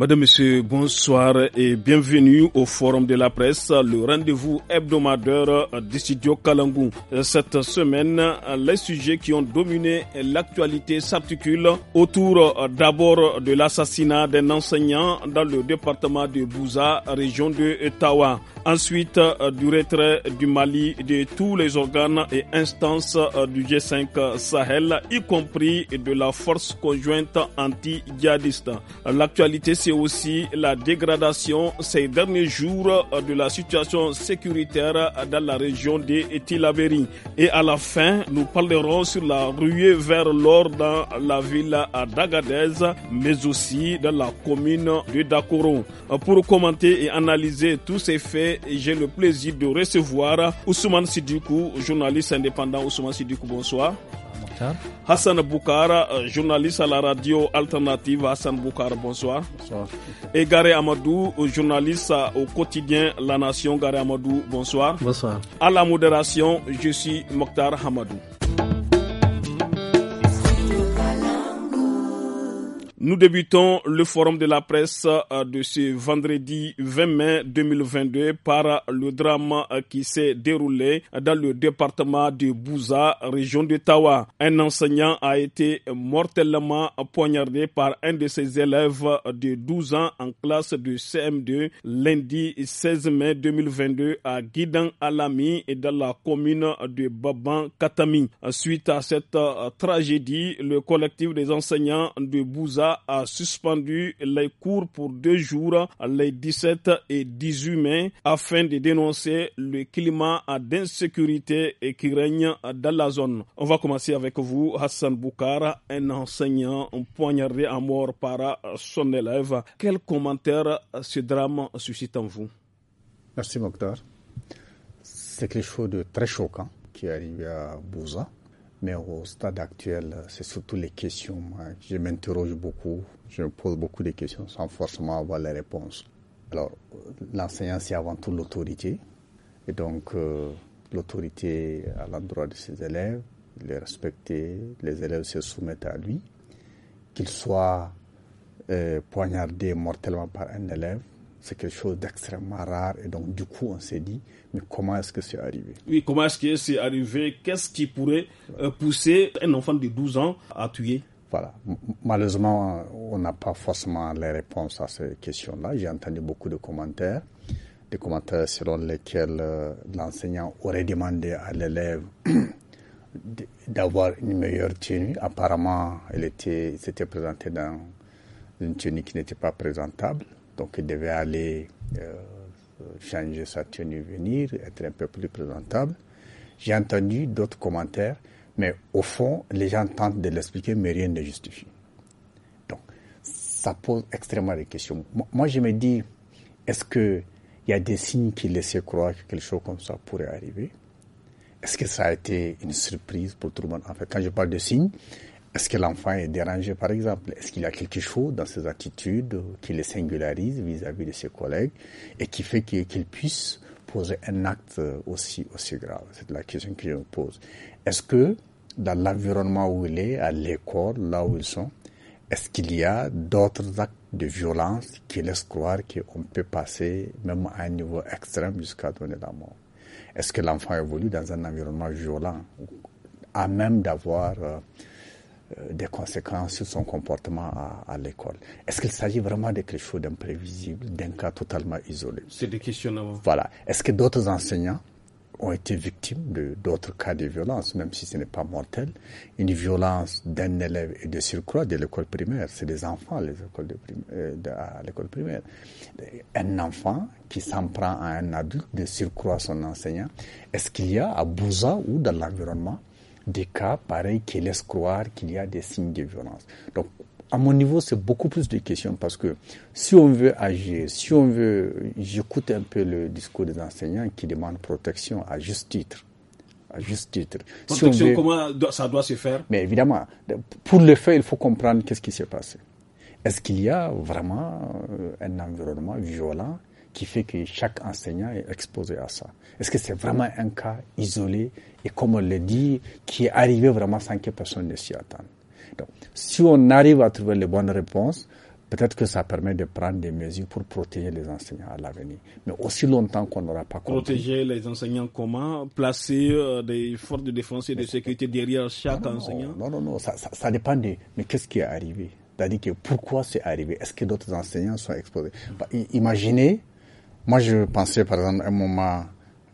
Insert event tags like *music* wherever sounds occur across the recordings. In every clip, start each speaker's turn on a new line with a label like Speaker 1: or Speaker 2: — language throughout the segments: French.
Speaker 1: Madame, Monsieur, bonsoir et bienvenue au Forum de la presse, le rendez-vous hebdomadaire du studio Kalangou. Cette semaine, les sujets qui ont dominé l'actualité s'articulent autour d'abord de l'assassinat d'un enseignant dans le département de Bouza, région de Tawa. Ensuite, euh, du retrait du Mali de tous les organes et instances euh, du G5 Sahel, y compris de la force conjointe anti-djihadiste. L'actualité, c'est aussi la dégradation ces derniers jours euh, de la situation sécuritaire dans la région de Tilaberi. Et à la fin, nous parlerons sur la ruée vers l'or dans la ville d'Agadez, mais aussi dans la commune de Dakoro. Pour commenter et analyser tous ces faits, j'ai le plaisir de recevoir Ousmane Sidikou, journaliste indépendant. Ousmane Sidikou, bonsoir. Hassan Boukar, euh, journaliste à la radio alternative. Hassan Boukar, bonsoir. Et Garé Amadou, euh, journaliste euh, au quotidien La Nation. Garé Amadou, bonsoir. Bonsoir. À la modération, je suis Mokhtar Hamadou. Nous débutons le forum de la presse euh, de ce vendredi 20 mai 2022 par le drame euh, qui s'est déroulé dans le département de Bouza, région de Tawa. Un enseignant a été mortellement poignardé par un de ses élèves de 12 ans en classe de CM2 lundi 16 mai 2022 à Guidan Alami et dans la commune de Baban Katami. Suite à cette euh, tragédie, le collectif des enseignants de Bouza a suspendu les cours pour deux jours les 17 et 18 mai afin de dénoncer le climat d'insécurité qui règne dans la zone. On va commencer avec vous, Hassan Boukar, un enseignant poignardé à mort par son élève. Quel commentaire ce drame suscite en vous
Speaker 2: Merci Mokhtar. C'est quelque chose de très choquant qui arrive à Bouza mais au stade actuel, c'est surtout les questions. Je m'interroge beaucoup, je me pose beaucoup de questions sans forcément avoir les réponses. Alors, euh, l'enseignant, c'est avant tout l'autorité. Et donc, euh, l'autorité à l'endroit de ses élèves, les respecter, les élèves se soumettent à lui, qu'il soit euh, poignardé mortellement par un élève, c'est quelque chose d'extrêmement rare. Et donc, du coup, on s'est dit, mais comment est-ce que c'est arrivé
Speaker 1: Oui, comment est-ce que c'est arrivé Qu'est-ce qui pourrait euh, pousser un enfant de 12 ans à tuer voilà.
Speaker 2: Malheureusement, on n'a pas forcément les réponses à ces questions-là. J'ai entendu beaucoup de commentaires, des commentaires selon lesquels euh, l'enseignant aurait demandé à l'élève *coughs* d'avoir une meilleure tenue. Apparemment, elle était, s'était présentée dans une tenue qui n'était pas présentable. Donc il devait aller euh, changer sa tenue, venir, être un peu plus présentable. J'ai entendu d'autres commentaires, mais au fond, les gens tentent de l'expliquer, mais rien ne justifie. Donc ça pose extrêmement des questions. Moi, je me dis, est-ce qu'il y a des signes qui laissaient croire que quelque chose comme ça pourrait arriver est-ce que ça a été une surprise pour tout le monde En fait, quand je parle de signes, est-ce que l'enfant est dérangé, par exemple Est-ce qu'il y a quelque chose dans ses attitudes qui les singularise vis-à-vis de ses collègues et qui fait qu'il puisse poser un acte euh, aussi, aussi grave C'est la question que je me pose. Est-ce que dans l'environnement où il est, à l'école, là où ils sont, est-ce qu'il y a d'autres actes de violence qui laissent croire qu'on peut passer même à un niveau extrême jusqu'à donner la mort Est-ce que l'enfant évolue dans un environnement violent, à même d'avoir... Euh, euh, des conséquences sur son comportement à, l'école. Est-ce qu'il s'agit vraiment de quelque chose d'imprévisible, d'un cas totalement isolé C'est des questions... Voilà. Est-ce que d'autres enseignants ont été victimes de d'autres cas de violence, même si ce n'est pas mortel. Une violence d'un élève et de surcroît de l'école primaire, c'est des enfants les écoles de primaire, euh, à l'école primaire. Un enfant qui s'en prend à un adulte de surcroît son enseignant, est-ce qu'il y a à Bouza ou dans l'environnement des cas pareils qui laissent croire qu'il y a des signes de violence. Donc, à mon niveau, c'est beaucoup plus de questions parce que si on veut agir, si on veut, j'écoute un peu le discours des enseignants qui demandent protection à juste titre. À juste titre. Protection, comment ça doit se faire Mais évidemment, pour le faire, il faut comprendre qu'est-ce qui s'est passé. Est-ce qu'il y a vraiment euh, un environnement violent qui fait que chaque enseignant est exposé à ça Est-ce que c'est vraiment un cas isolé et comme on le dit, qui est arrivé vraiment sans que personne ne s'y attende. Donc, si on arrive à trouver les bonnes réponses, peut-être que ça permet de prendre des mesures pour protéger les enseignants à l'avenir. Mais aussi longtemps qu'on n'aura pas compris. Protéger
Speaker 1: les enseignants comment Placer euh, des forces de défense et de sécurité derrière chaque enseignant
Speaker 2: Non, non, non, ça, dépend de... Mais qu'est-ce qui est arrivé C'est-à-dire que pourquoi c'est arrivé Est-ce que d'autres enseignants sont exposés bah, Imaginez, moi je pensais par exemple à un moment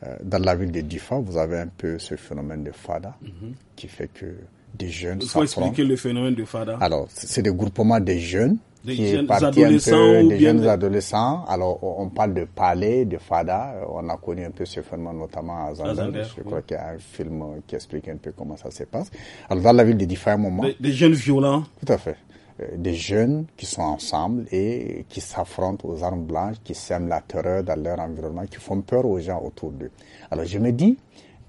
Speaker 2: euh, dans la ville de Difa, vous avez un peu ce phénomène de FADA mhm. qui fait que des jeunes. Il faut expliquer
Speaker 1: le phénomène de FADA. Alors,
Speaker 2: c'est des groupements des jeunes. Des qui jeunes est adolescents un peu, des jeunes adolescents. Alors, on parle de palais, de fada. Euh, on a connu un peu ce phénomène, notamment à Zander. je crois qu'il y a un film euh, qui explique un peu comment ça se passe. Alors, dans la ville de Difa, un moment. des jeunes violents. Tout à fait. Euh, des jeunes qui sont ensemble et qui s'affrontent aux armes blanches, qui sèment la terreur dans leur environnement, qui font peur aux gens autour d'eux. Alors je me dis,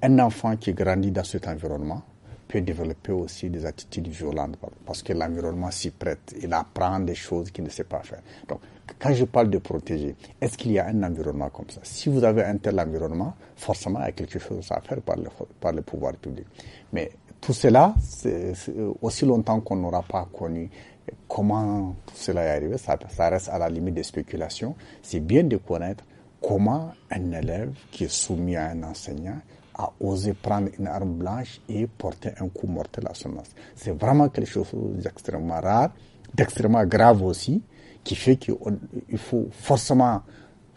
Speaker 2: un enfant qui grandit dans cet environnement peut développer aussi des attitudes violentes parce que l'environnement s'y prête. Il apprend des choses qu'il ne sait pas faire. Donc, quand je parle de protéger, est-ce qu'il y a un environnement comme ça Si vous avez un tel environnement, forcément, il y a quelque chose à faire par le, par le pouvoir public. Mais tout cela, c'est aussi longtemps qu'on n'aura pas connu comment cela est arrivé, ça, reste à la limite des spéculations. C'est bien de connaître comment un élève qui est soumis à un enseignant a osé prendre une arme blanche et porter un coup mortel à son maître. C'est vraiment quelque chose d'extrêmement rare, d'extrêmement grave aussi, qui fait qu'il faut forcément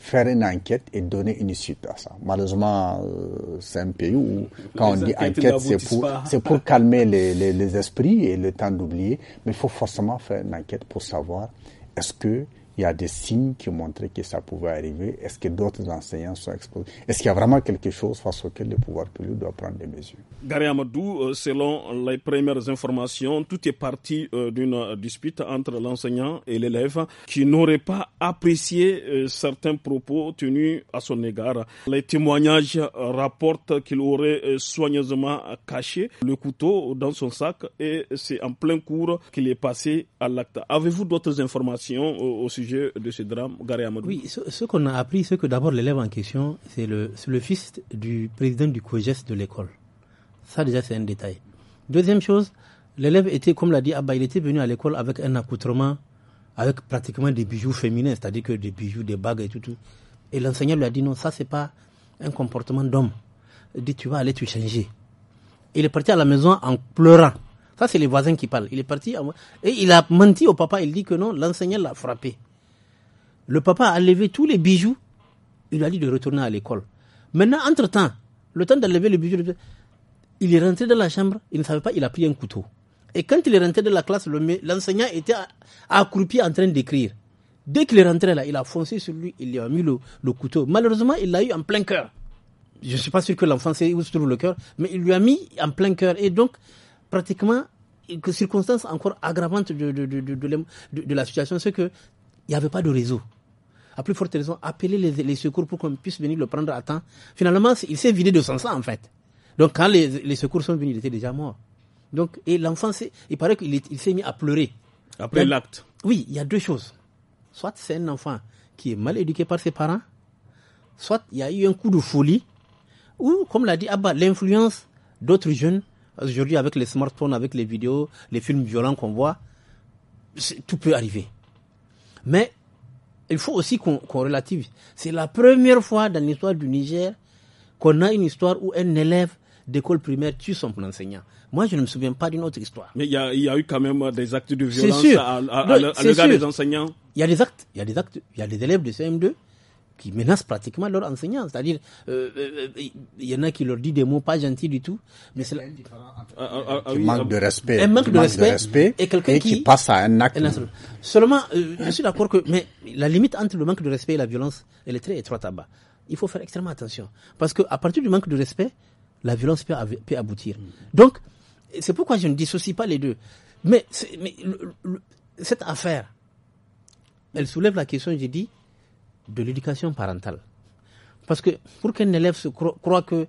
Speaker 2: faire une enquête et donner une suite à ça. Malheureusement, euh, c'est un pays où, quand on dit enquête, c'est pour, c'est pour calmer les, les, les, esprits et le temps d'oublier, mais il faut forcément faire une enquête pour savoir est-ce que il y a des signes qui ont que ça pouvait arriver. Est-ce que d'autres enseignants sont exposés Est-ce qu'il y a vraiment quelque chose face auquel le pouvoir public doit prendre des mesures
Speaker 1: Gary Amadou, euh, selon les premières informations, tout est parti euh, d'une euh, dispute entre l'enseignant et l'élève qui n'aurait pas apprécié certains propos tenus à son égard. Les témoignages rapportent qu'il aurait soigneusement caché le couteau dans son sac et c'est en plein cours qu'il est passé à l'acte. Avez-vous d'autres informations au sujet de ce drame, Gary Oui,
Speaker 3: ce, qu'on a appris, c'est que d'abord l'élève en question, c'est le, fils du président du COGES de l'école. Ça déjà, c'est un détail. Deuxième chose, l'élève était, comme l'a dit Abba, il était venu à l'école avec un accoutrement, avec pratiquement des bijoux féminins, c'est-à-dire que des bijoux, des bagues et tout. tout. Et l'enseignant lui a dit non, ça c'est pas un comportement d'homme. Il dit tu vas aller te changer. Il est parti à la maison en pleurant. Ça c'est les voisins qui parlent. Il est parti et il a menti au papa. Il dit que non, l'enseignant l'a frappé. Le papa a enlevé tous les bijoux. Il a dit de retourner à l'école. Maintenant, entre-temps, le temps d'enlever les bijoux, il est rentré dans la chambre. Il ne savait pas, il a pris un couteau. Et quand il est rentré dans la classe, l'enseignant était accroupi en train d'écrire. Dès qu'il est rentré là, il a foncé sur lui, il lui a mis le, couteau. Malheureusement, il l'a eu en plein cœur. Je ne suis pas sûr que l'enfant sait où se trouve le cœur, mais il lui a mis en plein cœur. Et donc, pratiquement, une circonstance encore aggravante de, de, de la situation, c'est qu'il n'y avait pas de réseau à plus forte raison, appeler les, secours pour qu'on puisse venir le prendre à temps. Finalement, il s'est vidé de son sang, en fait. Donc, quand les, secours sont venus, il était déjà mort. Donc, et l'enfant, il paraît qu'il s'est mis à pleurer. Après l'acte. Oui, il y a deux choses. Soit c'est un enfant qui est mal éduqué par ses parents, soit il y a eu un coup de folie, ou, comme l'a dit Abba, l'influence d'autres jeunes, aujourd'hui avec les smartphones, avec les vidéos, les films violents qu'on voit, tout peut arriver. Mais il faut aussi qu'on relative. C'est la première fois dans l'histoire du Niger qu'on a une histoire où un élève d'école primaire tue son enseignant. Moi, je ne me souviens pas d'une autre histoire.
Speaker 1: Mais il y, a eu quand même des actes de violence à, à l'égard des enseignants.
Speaker 3: Il y a des actes, il y a des actes, il y a des élèves de CM2 qui menacent pratiquement leurs enseignants. C'est-à-dire, euh, euh, euh, il y en a qui leur dit des mots pas gentils du tout, mais c'est manque de respect, un manque, de, respect et quelqu'un qui, passe à un acte. Seulement, je suis d'accord que, mais la limite entre le manque de respect et la violence, elle est très étroite là bas. Il faut faire extrêmement attention parce que à partir du manque de respect, la violence peut, aboutir. Mm. Donc, c'est pourquoi je ne dissocie pas les deux. Mais, cette affaire, elle soulève la question, j'ai dit, de l'éducation parentale. Parce que pour qu'un élève se croit que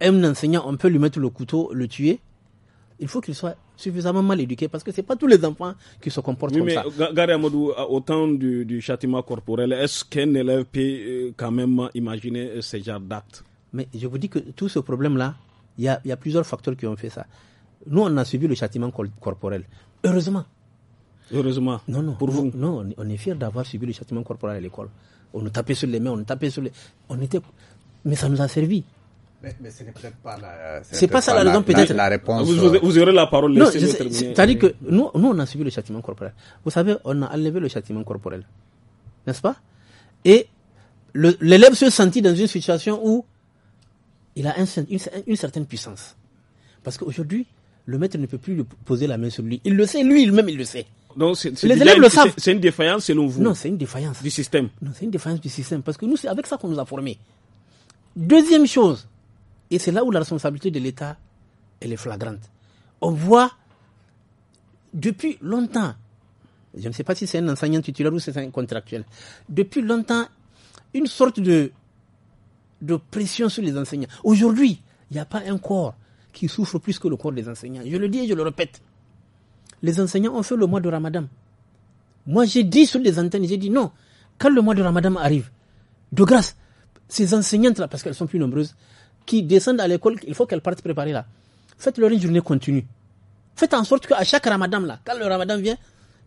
Speaker 3: un enseignant, on peut lui mettre le couteau, le tuer, il faut qu'il soit suffisamment mal éduqué parce que ce n'est pas tous les enfants qui se comportent oui, comme mais ça.
Speaker 1: Gary Amadou, au temps du, châtiment corporel, est-ce qu'un élève
Speaker 3: peut euh, quand même imaginer euh, ce genre d'actes Mais je vous dis que tout ce problème-là, il y, y a, plusieurs facteurs qui ont fait ça. Nous, on a suivi le châtiment corporel. Heureusement, Heureusement. Non, Pour vous. Non, on est fiers d'avoir subi le châtiment corporel à l'école. On nous tapait sur les mains, on nous tapait sur les. On était. Mais ça nous a servi.
Speaker 2: Mais, ce n'est peut-être pas la. C'est pas, ça la raison, peut-être. La, réponse. Vous, aurez la parole. Non, c'est-à-dire que nous,
Speaker 3: nous, on a subi le châtiment corporel. Vous savez, on a enlevé le châtiment corporel. N'est-ce pas Et l'élève se sentit dans une situation où il a une, une certaine puissance. Parce qu'aujourd'hui, le maître ne peut plus poser la main sur lui. Il le sait, lui-même, il le sait c'est, les élèves le savent. C'est une défaillance selon vous Non, c'est une défaillance. Du système Non, c'est une défaillance du système parce que nous, c'est avec ça qu'on nous a formés. Deuxième chose, et c'est là où la responsabilité de l'État, elle est flagrante. On voit depuis longtemps, je ne sais pas si c'est un enseignant titulaire ou c'est un contractuel, depuis longtemps, une sorte de, de pression sur les enseignants. Aujourd'hui, il n'y a pas un corps qui souffre plus que le corps des enseignants. Je le dis et je le répète les enseignants ont fait le mois de Ramadan. Moi, j'ai dit sur les antennes, j'ai dit non, quand le mois de Ramadan arrive, de grâce, ces enseignantes-là, parce qu'elles sont plus nombreuses, qui descendent à l'école, il faut qu'elles partent préparer là. Faites-leur une journée continue. Faites en sorte qu'à chaque Ramadan, là, quand le Ramadan vient,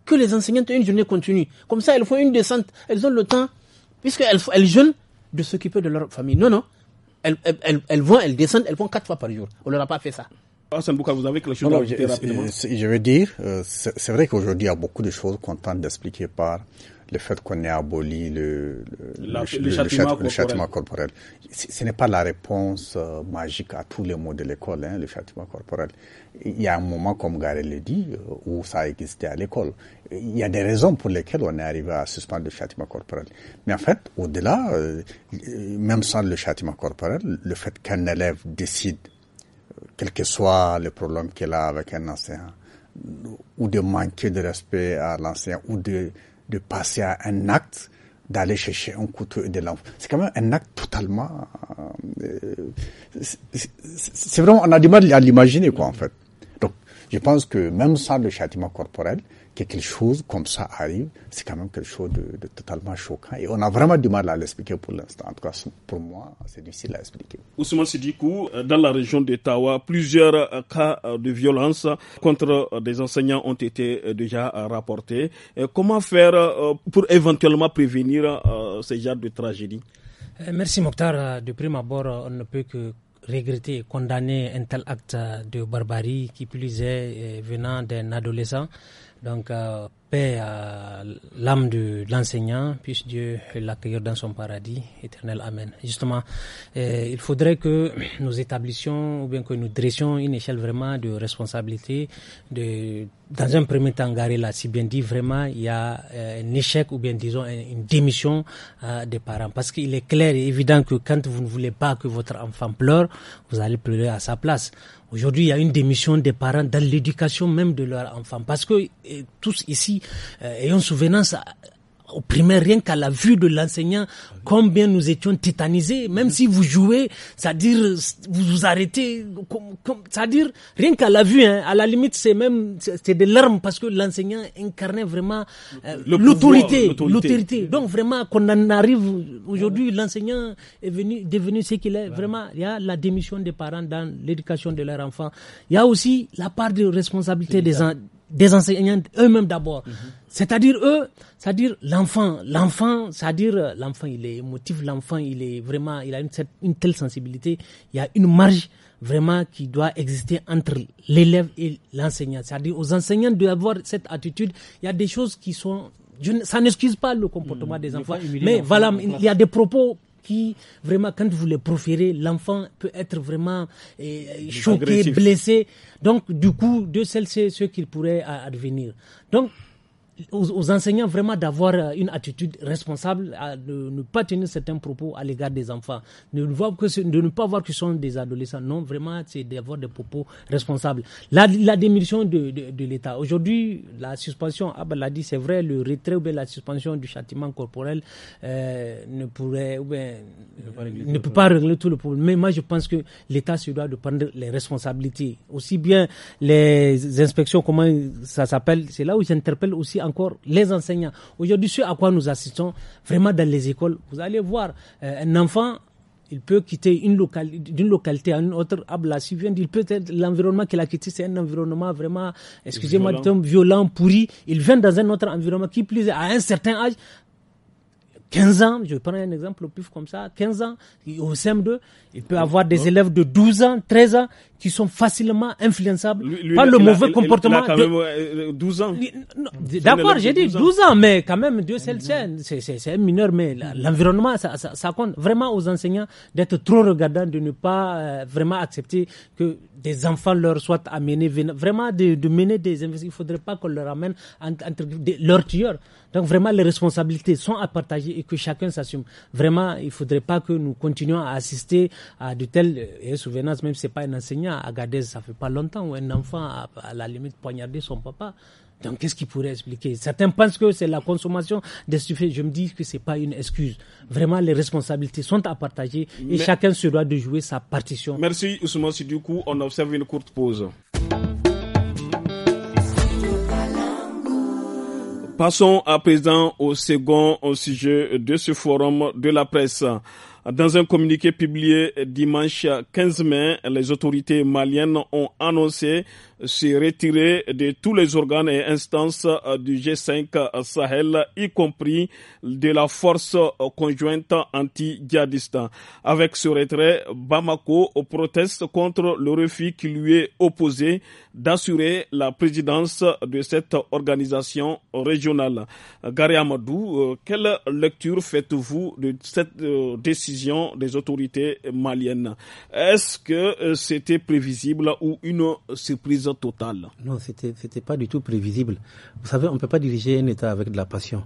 Speaker 3: que les enseignantes aient une journée continue. Comme ça, elles font une descente, elles ont le temps, puisqu'elles elles jeûnent, de s'occuper de leur famille. Non, non. Elles, elles, vont, elles descendent, elles vont quatre fois par jour. On ne leur a pas fait ça vous avez Je
Speaker 2: veux dire, euh, c'est vrai qu'aujourd'hui, il y a beaucoup de choses qu'on tente d'expliquer par le fait qu'on ait aboli le, le, châtiment, corporel. Ce n'est pas la réponse euh, magique à tous les maux de l'école, hein, le châtiment corporel. Il y a un moment, comme Garel le dit, euh, où ça existait à l'école. Il y a des raisons pour lesquelles on est arrivé à suspendre le châtiment corporel. Mais en fait, au-delà, même sans le châtiment corporel, le fait qu'un élève décide quel que soit le problème qu'elle a avec un ancien, ou de manquer de respect à l'ancien, ou de, de passer à un acte d'aller chercher un couteau et de l'enfant. C'est quand même un acte totalement... Euh, c'est vraiment, on a du mal à l'imaginer, quoi, en fait. Donc, je pense que même sans le châtiment corporel, quelque chose comme ça arrive, c'est quand même quelque chose de, totalement choquant. Et on a vraiment du mal à l'expliquer pour l'instant. En tout cas, pour moi, c'est difficile à expliquer.
Speaker 1: Ousmane Sidikou, euh, dans la région d'Ottawa, plusieurs euh, cas euh, de violence contre des enseignants ont été déjà rapportés. Comment faire pour éventuellement prévenir ce genre de tragédie
Speaker 4: Merci Mokhtar. De prime abord, on ne peut que regretter et condamner un tel acte de barbarie qui plus est venant d'un adolescent. Donc, euh, paix à l'âme de, l'enseignant, puisse Dieu l'accueillir dans son paradis éternel. Amen. Justement, euh, il faudrait que nous établissions ou bien que nous dressions une échelle vraiment de responsabilité. De, dans un premier temps, là. si bien dit, vraiment, il y a euh, un échec ou bien disons une démission des parents. Parce qu'il est clair et évident que quand vous ne voulez pas que votre enfant pleure, vous allez pleurer à sa place. Aujourd'hui, il y a une démission des parents dans l'éducation même de leurs enfants. Parce que eh, tous ici, eh, ayons souvenance au primaire, rien qu'à la vue de l'enseignant, combien nous étions tétanisés. Même si vous jouez, c'est-à-dire vous vous arrêtez, c'est-à-dire rien qu'à la vue, hein, à la limite c'est même c'est des larmes parce que l'enseignant incarnait vraiment euh, l'autorité, l'autorité. Donc vraiment qu'on en arrive aujourd'hui, l'enseignant est venu devenu ce qu'il est. Vraiment, il y a la démission des parents dans l'éducation de leurs enfants. Il y a aussi la part de responsabilité des, des enseignants eux-mêmes d'abord. Mhm. C'est-à-dire eux, c'est-à-dire l'enfant, l'enfant, c'est-à-dire euh, l'enfant, il est émotif, l'enfant, il est vraiment, il a une, telle sensibilité, il y a une marge vraiment qui doit exister entre l'élève et l'enseignant. C'est-à-dire aux enseignants d'avoir cette attitude, il y a des choses qui sont, ça n'excuse pas le comportement mm, des enfants, mais voilà, il y a des propos qui, vraiment, quand vous les proférez, l'enfant peut être vraiment eh, choqué, blessé. Donc, du coup, de celles ce qu'il pourrait advenir. Donc, aux, enseignants vraiment d'avoir euh, une attitude responsable, à de ne pas tenir certains propos à l'égard des enfants, de ne, voir que de ne pas voir que ce sont des adolescents. Non, vraiment, c'est d'avoir des propos responsables. La, la démission de, de, de l'État. Aujourd'hui, la suspension, ah ben, l'a dit, c'est vrai, le retrait ou bien la suspension du châtiment corporel euh, ne pourrait, ou ne, ne peut pas régler tout le problème. Mais moi, je pense que l'État se doit de prendre les responsabilités. Aussi bien les inspections, comment ça s'appelle, c'est là où j'interpelle aussi encore les enseignants. Aujourd'hui, ce à quoi nous assistons vraiment dans les écoles, vous allez voir euh, un enfant il peut quitter une localité, d'une localité à une autre, Abla, ah, si vient, il peut être l'environnement qu'il a quitté, c'est un environnement vraiment, excusez-moi terme, violent, pourri. Il vient dans un autre environnement qui plus à un certain âge, 15 ans, je prends un exemple au pif comme ça, 15 ans, au CM2, il peut avoir des élèves de 12 ans, 13 ans qui sont facilement influençables par le mauvais comportement. Il, a quand même 12 euh, ans. D'accord, j'ai dit 12 ans. mais quand même, Dieu seul mm-hmm. c'est un mineur, mais l'environnement, ça, ça, ça, compte vraiment aux enseignants d'être trop regardants, de ne pas euh, vraiment accepter que des enfants leur soient amenés, vraiment de, de mener des investissements Il ne faudrait pas qu'on leur amène entre, entre leurs tueurs. Donc vraiment, les responsabilités sont à partager et que chacun s'assume. Vraiment, il ne faudrait pas que nous continuions à assister à de telles euh, souvenances, même si ce n'est pas un enseignant à Agadez, ça fait pas longtemps, où un enfant a à la limite poignardé son papa. Donc, qu'est-ce qui pourrait expliquer Certains pensent que c'est la consommation des stupéfiants. Je me dis que c'est pas une excuse. Vraiment, les responsabilités sont à partager et chacun se doit de jouer sa partition.
Speaker 1: Merci, Ousmane coup, On observe une courte pause. Passons à présent au second sujet de ce forum de la presse. Dans un communiqué publié dimanche 15 mai, les autorités maliennes ont annoncé s'est retiré de tous les organes et instances euh, du G5 euh, Sahel, y compris de la force euh, conjointe anti-djihadiste. Avec ce retrait, Bamako proteste contre le refus qui lui est opposé d'assurer la présidence de cette organisation régionale. Gary Amadou, quelle lecture faites-vous de cette décision des autorités maliennes Est-ce que c'était prévisible ou une surprise total
Speaker 3: Non, c'était c'était pas du tout prévisible. Vous savez, on ne peut pas diriger un État avec de la passion.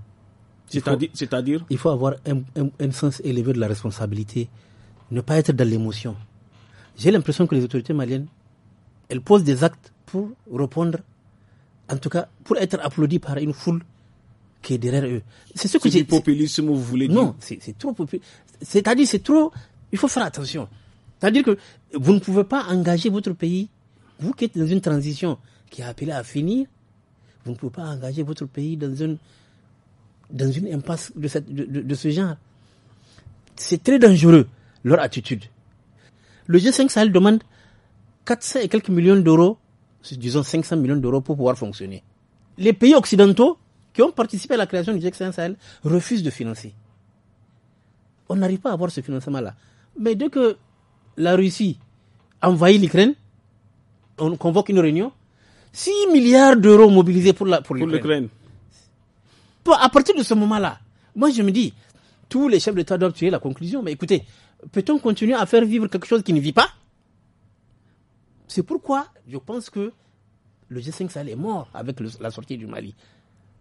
Speaker 3: C'est-à-dire Il faut avoir un, un, sens élevé de la responsabilité, ne pas être dans l'émotion. J'ai l'impression que les autorités maliennes, elles posent des actes pour répondre, en tout cas pour être applaudies par une foule qui est derrière eux. C'est ce que j'ai. du populisme, vous voulez dire Non, c'est trop populiste. C'est-à-dire, c'est trop. Il faut faire attention. C'est-à-dire que vous ne pouvez pas engager votre pays vous qui êtes dans une transition qui est appelée à finir, vous ne pouvez pas engager votre pays dans une, impasse de, de ce genre. C'est très dangereux, leur attitude. Le G5 Sahel demande 400 et quelques millions d'euros, disons 500 millions d'euros pour pouvoir fonctionner. Les pays occidentaux qui ont participé à la création du G5 Sahel refusent de financer. On n'arrive pas à avoir ce financement-là. Mais dès que la Russie envahit l'Ukraine, on convoque une réunion. 6 milliards d'euros mobilisés pour l'Ukraine. Pour, pour l'Ukraine. À partir de ce moment-là, moi je me dis, tous les chefs d'État doivent tirer la conclusion. Mais écoutez, peut-on continuer à faire vivre quelque chose qui ne vit pas C'est pourquoi je pense que le G5 Sahel est mort avec la sortie du Mali.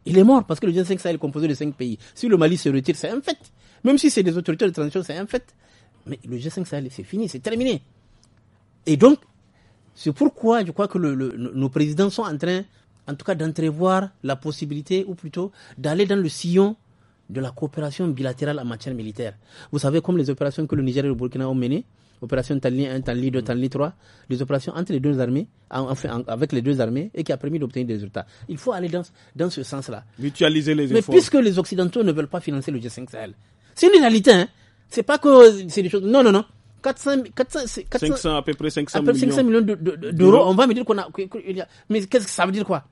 Speaker 3: Il est mort parce que le G5 Sahel est composé de 5 pays. Si le Mali se retire, c'est un fait. Même si c'est des autorités de transition, c'est un fait. Mais le G5 Sahel, c'est fini, c'est terminé. Et donc, c'est pourquoi je crois que le, nos présidents sont en train, en tout cas, d'entrevoir la possibilité, ou plutôt d'aller dans le sillon de la coopération bilatérale en matière militaire. Vous savez, comme les opérations que le Niger et le Burkina ont menées, opération Tali 1, Tali 2, Tali 3, les opérations entre les deux armées, avec les deux armées, et qui a permis d'obtenir des résultats. Il faut aller dans, dans ce sens-là. Mutualiser les efforts. Mais puisque les Occidentaux ne veulent pas financer le G5 Sahel, c'est une réalité, hein. C'est pas que c'est des choses. Non, non, non. 500, à peu près 500, millions, d'euros, on va me dire qu'on a, mais qu'est-ce que ça veut dire quoi?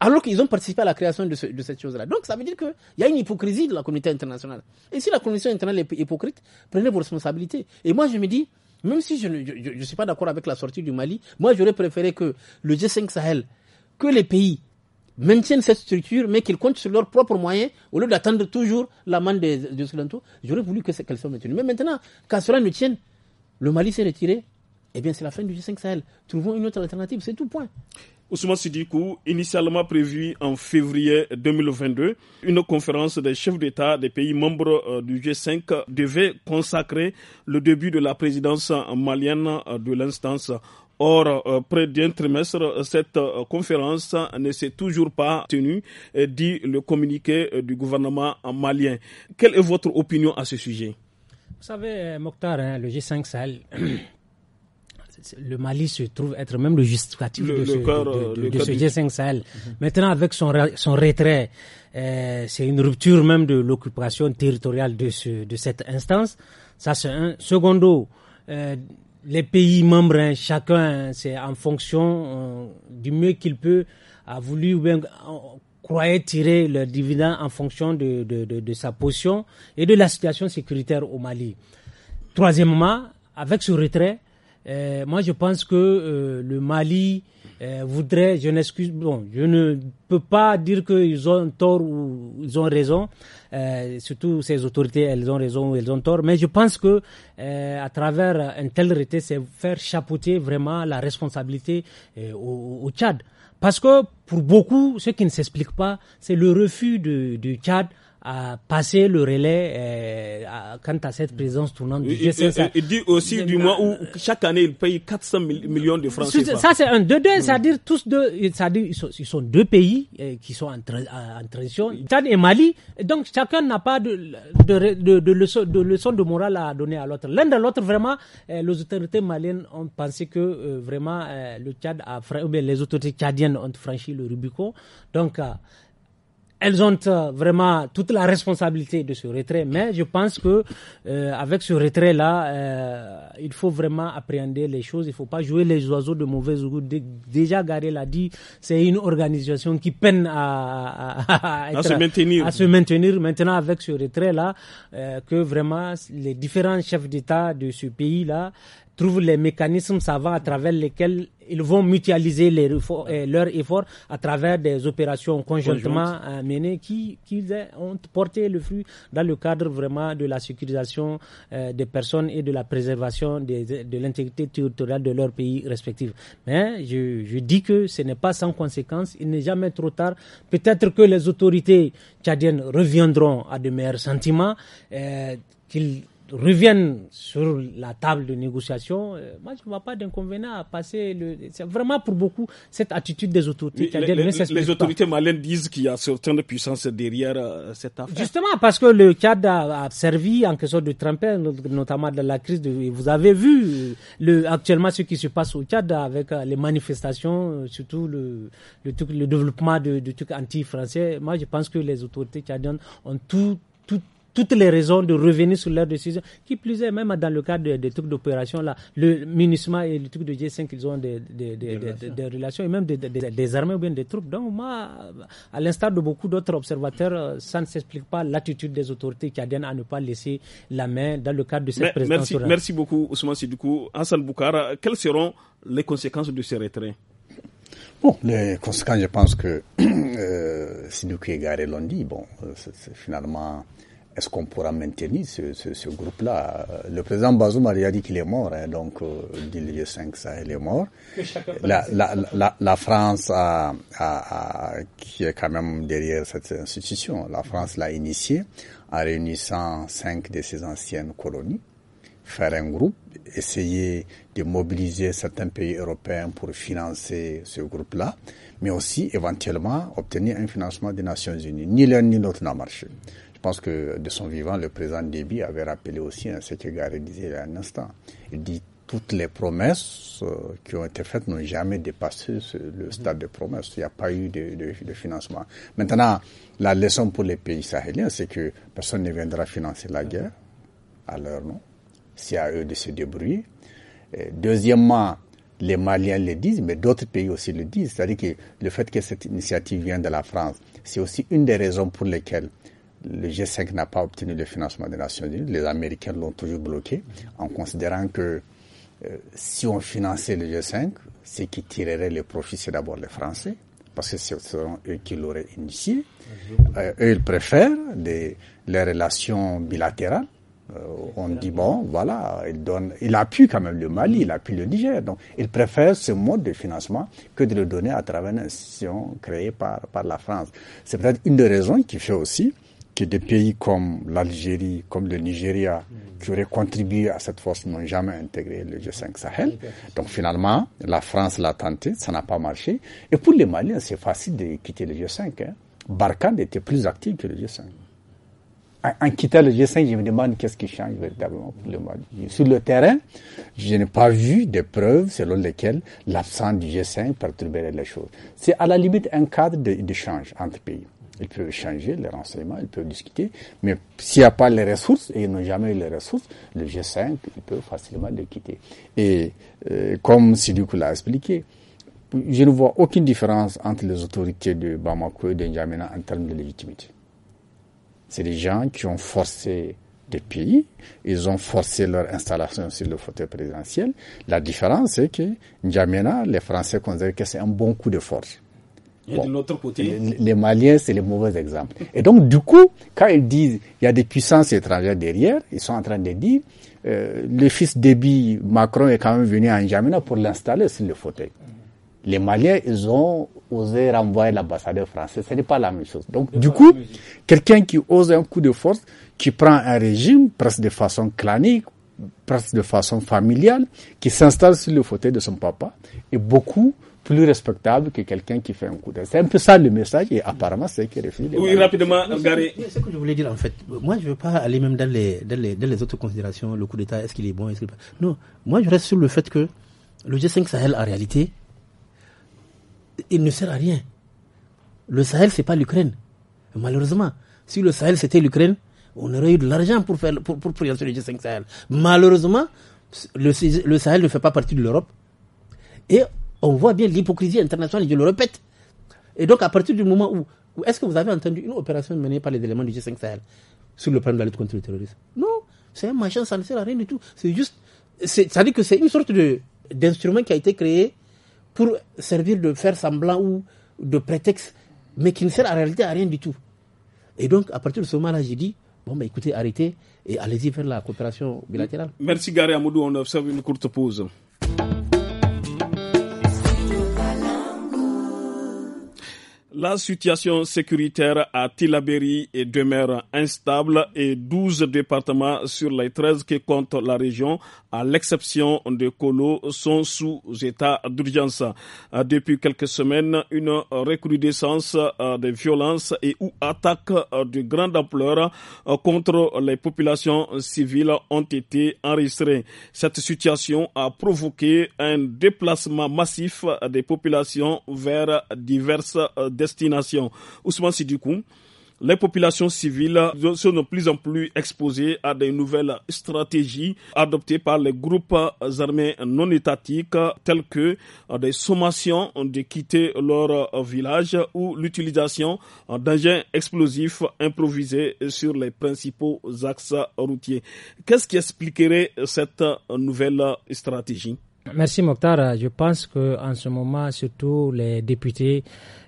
Speaker 3: alors qu'ils ont participé à la création de, de cette chose-là. Donc ça veut dire qu'il y a une hypocrisie de la communauté internationale. Et si la communauté internationale est hypocrite, prenez vos responsabilités. Et moi je me dis, même si je ne suis pas d'accord avec la sortie du Mali, moi j'aurais préféré que le G5 Sahel, que les pays maintiennent cette structure, mais qu'ils comptent sur leurs propres moyens, au lieu d'attendre toujours la main des, des occidentaux, j'aurais voulu qu'elles soit soient Mais maintenant, quand cela ne tienne, le Mali s'est retiré, eh bien c'est la fin du G5 Sahel. Trouvons une autre alternative, c'est tout point.
Speaker 1: Ousmane Sidikou, initialement prévu en février 2022, une conférence des chefs d'État des pays membres euh, du G5 devait consacrer le début de la présidence malienne euh, de l'instance Or, euh, près d'un trimestre, cette euh, conférence ne s'est toujours pas tenue, euh, dit le communiqué du gouvernement malien. Quelle est votre opinion à ce sujet
Speaker 4: Vous savez, Mokhtar, hein, le G5 Sahel, *clears throat* le Mali se trouve être même le justificatif de, ce, G5 Sahel. Maintenant, avec son, retrait, c'est une rupture même de l'occupation territoriale de, de cette instance. Ça, c'est un. Secondo, les pays membres, hein, chacun, hein, c'est en fonction euh, du mieux qu'il peut, a voulu ou bien croyait tirer le dividende en fonction de, de, de, de, sa potion et de la situation sécuritaire au Mali. Troisièmement, avec ce retrait, euh, moi je pense que euh, le Mali euh, je n'excuse, bon, je ne peux pas dire qu'ils ont tort ou ils ont raison. Euh, surtout ces autorités, elles ont raison ou elles ont tort. Mais je pense que euh, à travers un tel retrait, c'est faire chapeauter vraiment la responsabilité euh, au, au, Tchad. Parce que pour beaucoup, ce qui ne s'explique pas, c'est le refus du Tchad à passer le relais euh, quant à cette présence tournante du g Il
Speaker 1: dit aussi du mois où euh, chaque année il paye 400 millions de francs. Ça c'est
Speaker 4: un deux deux, c'est-à-dire tous deux, c'est-à-dire ils, sont, deux pays euh, qui sont en, en transition, Tchad et Mali, donc chacun n'a pas de, de, de, leçon, de morale à donner à l'autre. L'un de l'autre vraiment, les autorités maliennes ont pensé que vraiment le Tchad a, ou bien les autorités tchadiennes ont franchi le Rubicon, donc elles ont euh, vraiment toute la responsabilité de ce retrait, mais je pense que euh, avec ce retrait-là, euh, il faut vraiment appréhender les choses. Il faut pas jouer les oiseaux de mauvais goût. Déjà, Garé l'a dit, c'est une organisation qui peine à, se maintenir. à se maintenir. Maintenant, avec ce retrait-là, que vraiment les différents chefs d'État de ce pays-là trouvent les mécanismes savants à travers lesquels ils vont mutualiser les euh, leurs efforts à travers des opérations conjointement euh, menées qui, qui, ont porté le fruit dans le cadre vraiment de la sécurisation euh, des personnes et de la préservation de l'intégrité territoriale de leurs pays respectifs. Mais je, je dis que ce n'est pas sans conséquence, il n'est jamais trop tard. Peut-être que les autorités tchadiennes reviendront à de meilleurs sentiments, qu'ils reviennent sur la table de négociation, euh, moi, je ne vois pas d'inconvénient à passer. Le... C'est vraiment pour beaucoup cette attitude des autorités. Mais, les, autorités maliennes disent
Speaker 1: qu'il y a certaines puissances derrière euh, cette affaire.
Speaker 4: Justement, parce que le CAD a, servi en quelque sorte de tremplin, notamment dans la crise. De... Vous avez vu euh, le, actuellement ce qui se passe au CAD avec les manifestations, surtout le, le, truc, le développement de, de trucs anti-français. Moi, je pense que les autorités tchadiennes ont tout toutes les raisons de revenir sur leur décision. Qui plus est, même dans le cadre des, trucs d'opération, là, le MINUSMA et le truc de G5, ils ont des, relations. et même des, armées ou bien des troupes. Donc, moi, à l'instar de beaucoup d'autres observateurs, euh, ça ne s'explique pas l'attitude des autorités qui cadiennes à ne pas laisser la main dans le cadre de cette
Speaker 1: Merci, beaucoup, Ousmane Sidoukou. Hassan Boukara, quelles seront les conséquences de ce retrait
Speaker 2: Bon, les conséquences, je pense que *clears throat* euh, Sidoukou et Garé l'ont dit. Bon, euh, c'est finalement est-ce qu'on pourra maintenir ce, groupe-là Le président Bazoum a déjà dit qu'il est mort, hein, donc euh, 5 ça, il est mort. La, France, a, a, qui est quand même derrière cette institution, la France l'a initié en réunissant cinq de ses anciennes colonies, faire un groupe, essayer de mobiliser certains pays européens pour financer ce groupe-là, mais aussi éventuellement obtenir un financement des Nations Unies. Ni l'un ni l'autre n'a marché. Je pense que de son vivant, le président Déby avait rappelé aussi à ce que Gary disait il y a un instant. Il dit toutes les promesses euh, qui ont été faites n'ont jamais dépassé le stade de promesse. Il n'y a pas eu de, de, financement. Maintenant, la leçon pour les pays sahéliens, c'est que personne ne viendra financer la guerre à leur nom. C'est à eux de se débrouiller. deuxièmement, les Maliens le disent, mais d'autres pays aussi le disent. C'est-à-dire que le fait que cette initiative vienne de la France, c'est aussi une des raisons pour lesquelles le G5 n'a pas obtenu le financement des Nations Unies. Les Américains l'ont toujours bloqué en considérant que euh, si on finançait le G5, ce qui tirerait les profits, c'est d'abord les Français, parce que ce seront eux qui l'auraient initié. Euh, eux, ils préfèrent les relations bilatérales. Euh, on dit, bon, voilà, il, donne, il appuie quand même le Mali, il appuie le Niger. Donc, ils préfèrent ce mode de financement que de le donner à travers une institution créée par, par la France. C'est peut-être une des raisons qui fait aussi que des pays comme l'Algérie, comme le Nigeria, qui auraient contribué à cette force, n'ont jamais intégré le G5 Sahel. Donc finalement, la France l'a tenté, ça n'a pas marché. Et pour les Maliens, c'est facile de quitter le G5. Hein. Barkhane était plus actif que le G5. En quittant le G5, je me demande qu'est-ce qui change véritablement pour le Mali. Sur le terrain, je n'ai pas vu de preuves selon lesquelles l'absence du G5 perturberait les choses. C'est à la limite un cadre d'échange entre pays. Ils peuvent échanger les renseignements, ils peuvent discuter, mais s'il n'y a pas les ressources, et ils n'ont jamais eu les ressources, le G5, ils peuvent facilement les quitter. Et euh, comme Sidoukou l'a expliqué, je ne vois aucune différence entre les autorités de Bamako et de en termes de légitimité. C'est des gens qui ont forcé des pays, ils ont forcé leur installation sur le fauteuil présidentiel. La différence, c'est que N'Djamena, les Français considèrent que c'est un bon coup de force. Et l'autre côté. Les, Maliens, c'est le mauvais exemple. Et donc, du coup, quand ils disent il y a des puissances étrangères derrière, ils sont en train de dire euh, le fils d'Ebi Macron est quand même venu à N'Djamena pour l'installer sur le fauteuil. Les Maliens, ils ont osé renvoyer l'ambassadeur français. Ce n'est pas la même chose. Donc, du coup, quelqu'un qui ose un coup de force, qui prend un régime presque de façon clanique, presque de façon familiale, qui s'installe sur le fauteuil de son papa, et beaucoup plus respectable que quelqu'un qui fait un coup d'État. C'est un peu ça le message et apparemment c'est qui refuse. Oui, rapidement,
Speaker 3: Gary. C'est ce que je voulais dire en fait. Moi, je ne veux pas aller même dans les, autres considérations. Le coup d'État, est-ce qu'il est bon, est-ce qu'il est pas. Non, moi je reste sur le fait que le G5 Sahel, en réalité, il ne sert à rien. Le Sahel, c'est pas l'Ukraine. Malheureusement, si le Sahel c'était l'Ukraine, on aurait eu de l'argent pour faire pour, pour, le G5 Sahel. Malheureusement, le, le Sahel ne fait pas partie de l'Europe. Et on voit bien l'hypocrisie internationale, je le répète. Et donc, à partir du moment où, est-ce que vous avez entendu une opération menée par les éléments du G5 Sahel sur le plan de la lutte contre le terrorisme Non, c'est un machin, ça ne sert à rien du tout. C'est juste, ça dit que c'est une sorte d'instrument qui a été créé pour servir de faire semblant ou de prétexte, mais qui ne sert en réalité à rien du tout. Et donc, à partir de ce moment-là, j'ai dit, bon, bah, écoutez, arrêtez et allez-y vers la coopération bilatérale.
Speaker 1: Merci Gary Amoudou, on observe une courte pause. La situation sécuritaire à Tilaberi demeure instable et 12 départements sur les 13 qui comptent la région, à l'exception de Kolo, sont sous état d'urgence. Depuis quelques semaines, une recrudescence euh, de violences et ou attaques de grande ampleur euh, contre les populations civiles ont été enregistrées. Cette situation a provoqué un déplacement massif des populations vers diverses euh, destination. Ousmane Sidikou, les populations civiles sont de plus en plus exposées à des nouvelles stratégies adoptées par les groupes armés non étatiques telles que des sommations de quitter leur village ou l'utilisation d'engins explosifs improvisés sur les principaux axes routiers. Qu'est-ce qui expliquerait cette nouvelle stratégie
Speaker 4: Merci Mokhtar. Je pense qu'en ce moment, surtout les députés,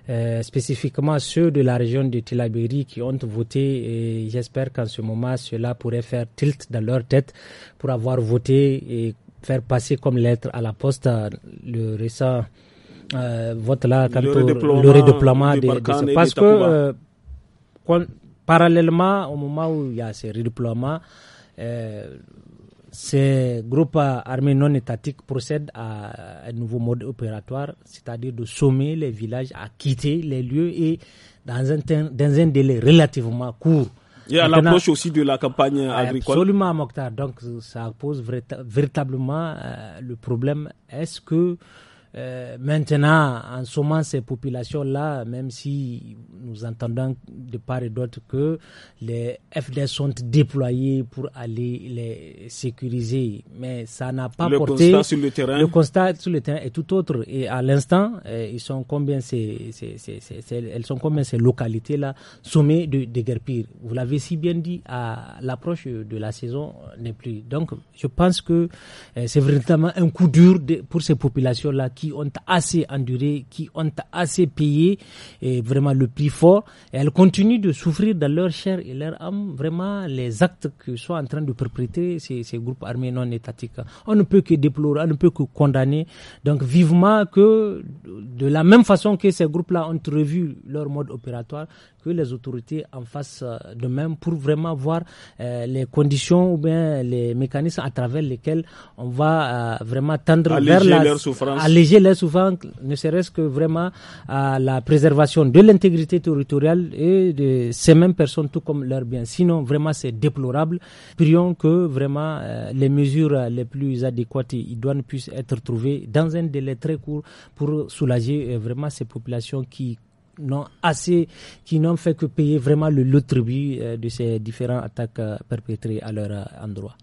Speaker 4: euh, spécifiquement ceux de la région de Tilabiri qui ont voté, et j'espère qu'en ce moment, cela pourrait faire tilt dans leur tête pour avoir voté et faire passer comme lettre à la poste le récent euh, vote-là, le, le redéploiement, de, Parce que euh, parallèlement au moment où il y a ces redéploiements, ces groupes armés non étatiques procèdent à un nouveau mode opératoire, c'est-à-dire de sommer les villages à quitter les lieux et dans un, dans un délai relativement court. y a l'approche aussi de la campagne ah, agricole. Absolument, Mokhtar. Donc, ça pose véritablement euh, le problème. Est-ce que euh, maintenant, en sommant ces populations-là, même si nous entendons de part et d'autre que les FD sont déployés pour aller les sécuriser, mais ça n'a pas le porté. Constat sur le, terrain. le constat sur le terrain est tout autre. Et à l'instant, euh, ils sont combien ces, ces, ces, elles sont combien ces localités-là sommées de, de guerre Vous l'avez si bien dit, à l'approche de la saison n'est plus. Donc, je pense que euh, c'est vraiment un coup dur pour ces populations-là qui ont assez enduré, qui ont assez payé vraiment le prix fort. elles continuent de souffrir dans leur chair et leur âme vraiment les actes que sont en train de perpétrer ces, ces groupes armés non étatiques. On ne peut que déplorer, on ne peut que condamner. Donc vivement que de la même façon que ces groupes-là ont revu leur mode opératoire, les autorités en face euh, de même pour vraiment voir euh, les conditions ou bien les mécanismes à travers lesquels on va euh, vraiment tendre alléger vers Alléger leur souffrance. alléger les souffrances, ne serait-ce que vraiment à la préservation de l'intégrité territoriale et de ces mêmes personnes, tout comme leurs biens. Sinon, vraiment, c'est déplorable. Prions que vraiment les mesures les plus adéquates et idoines puissent être trouvées dans un délai très court pour soulager vraiment ces populations qui non assez, qui n'ont fait que payer vraiment le lot tribut euh, de ces différentes attaques euh, perpétrées à leur euh, endroit.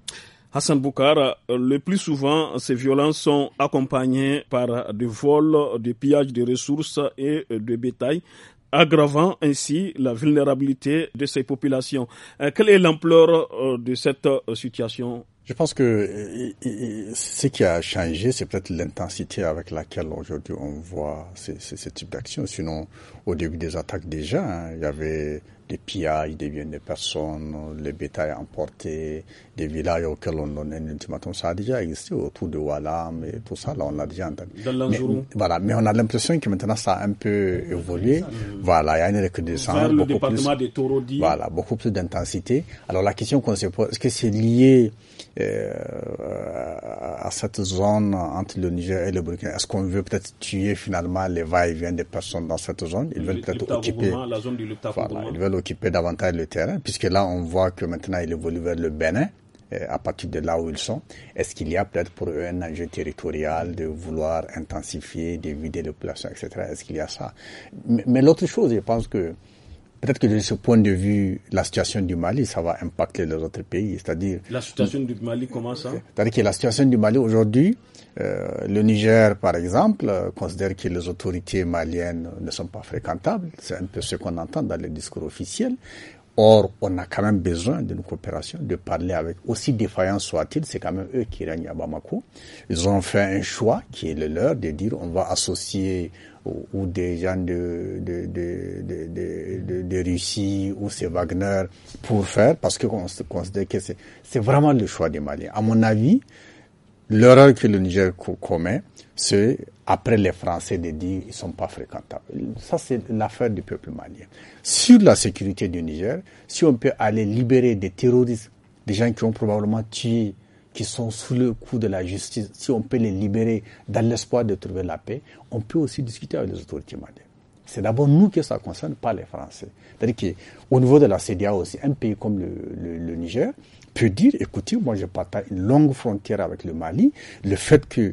Speaker 1: Hassan Boukar, le plus souvent, ces violences sont accompagnées par des vols, des pillages de ressources et de bétail aggravant ainsi la vulnérabilité de ces populations. Euh, quelle est l'ampleur euh, de cette euh, situation
Speaker 2: je pense que ce qui a changé, c'est peut-être l'intensité avec laquelle aujourd'hui on voit ce, type d'action. Sinon, au début des attaques déjà, hein, il y avait des pillages, des deviennent des personnes, les bétails emportés, des villages auxquels on donne un ultimatum. Ça a déjà existé autour de Wallam et tout ça, là, on l'a déjà entendu. mais, voilà, mais on a l'impression que maintenant ça a un peu évolué. Voilà, il y a une reconnaissance. beaucoup plus, Voilà, beaucoup plus d'intensité. Alors la question qu'on se pose, est-ce que c'est lié euh, à cette zone entre le Niger et le Burkina Est-ce qu'on veut peut-être tuer finalement les va-et-vient des personnes dans cette zone Ils veulent peut-être occuper, ils veulent occuper davantage le terrain, puisque là on voit que maintenant ils évoluent vers le Bénin euh, à partir de là où ils sont. Est-ce qu'il y a peut-être pour eux un enjeu territorial de vouloir intensifier, de vider les etc. Est-ce qu'il y a ça mais l'autre chose, je pense que Peut-être que de ce point de vue, la situation du Mali, ça va impacter les autres pays. C'est-à-dire la situation
Speaker 1: du Mali, comment ça
Speaker 2: C'est-à-dire que la situation du Mali aujourd'hui, euh, le Niger, par exemple, euh, considère que les autorités maliennes ne sont pas fréquentables. C'est un peu ce qu'on entend dans les discours officiels. Or, on a quand même besoin d'une coopération, de parler avec, aussi défaillants soient-ils, c'est quand même eux qui règnent à Bamako. Ils ont fait un choix qui est le leur de dire on va associer ou, des gens de, de, de, de Russie ou c'est Wagner pour faire, parce qu'on se considère que c'est vraiment le choix des Maliens. À mon avis, l'erreur que le Niger commet, c'est après les Français de dire ils sont pas fréquentables. Ça, c'est l'affaire du peuple malien. Sur la sécurité du Niger, si on peut aller libérer des terroristes, des gens qui ont probablement tué qui sont sous le coup de la justice, si on peut les libérer dans l'espoir de trouver la paix, on peut aussi discuter avec les autorités maliennes. C'est d'abord nous que ça concerne, pas les Français. C'est-à-dire qu'au niveau de la CDA aussi, un pays comme le Niger, peut dire, écoutez, moi je partage une longue frontière avec le Mali, le fait que euh,